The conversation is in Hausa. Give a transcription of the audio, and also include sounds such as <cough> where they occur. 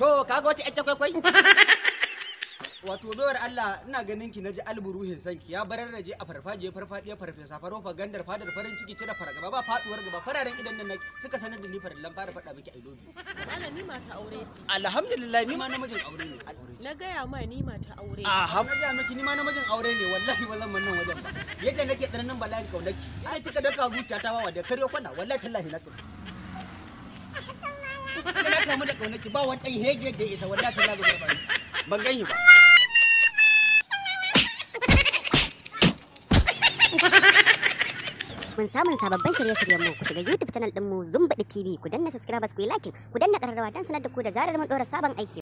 To ka ga wata ƴacce kwaikwai? <laughs> Wato bewar Allah ina ganin ki naji alburuhin sanki ya barar je a farfaje farfadiya farfesa faro gandar fadar farin ciki cire fargaba ba faduwar gaba fararen idan nan suka sanar da ni lamba da fada miki I love Allah ni mata aure ce. Alhamdulillah ni ma namijin aure ne. Na gaya ma ni mata aure. Aha. Na gaya miki ni ma namijin aure ne wallahi ba zan mannan wajen ba. Yadda nake tsananin bala'in kaunaki. Ai kika daka zuciya ta wawa da kariyo kwana wallahi tallahi na kauna. ƙaunaki ba wani ɗan hege da isa wallahi ta lazo ba ban ganshi ba mun samun sababbin shirye-shiryen mu ku shiga YouTube channel ɗinmu mu Zumbaɗi TV ku danna subscribers ku yi like ku danna ƙararrawa don sanar da ku da zarar mun ɗora sabon aiki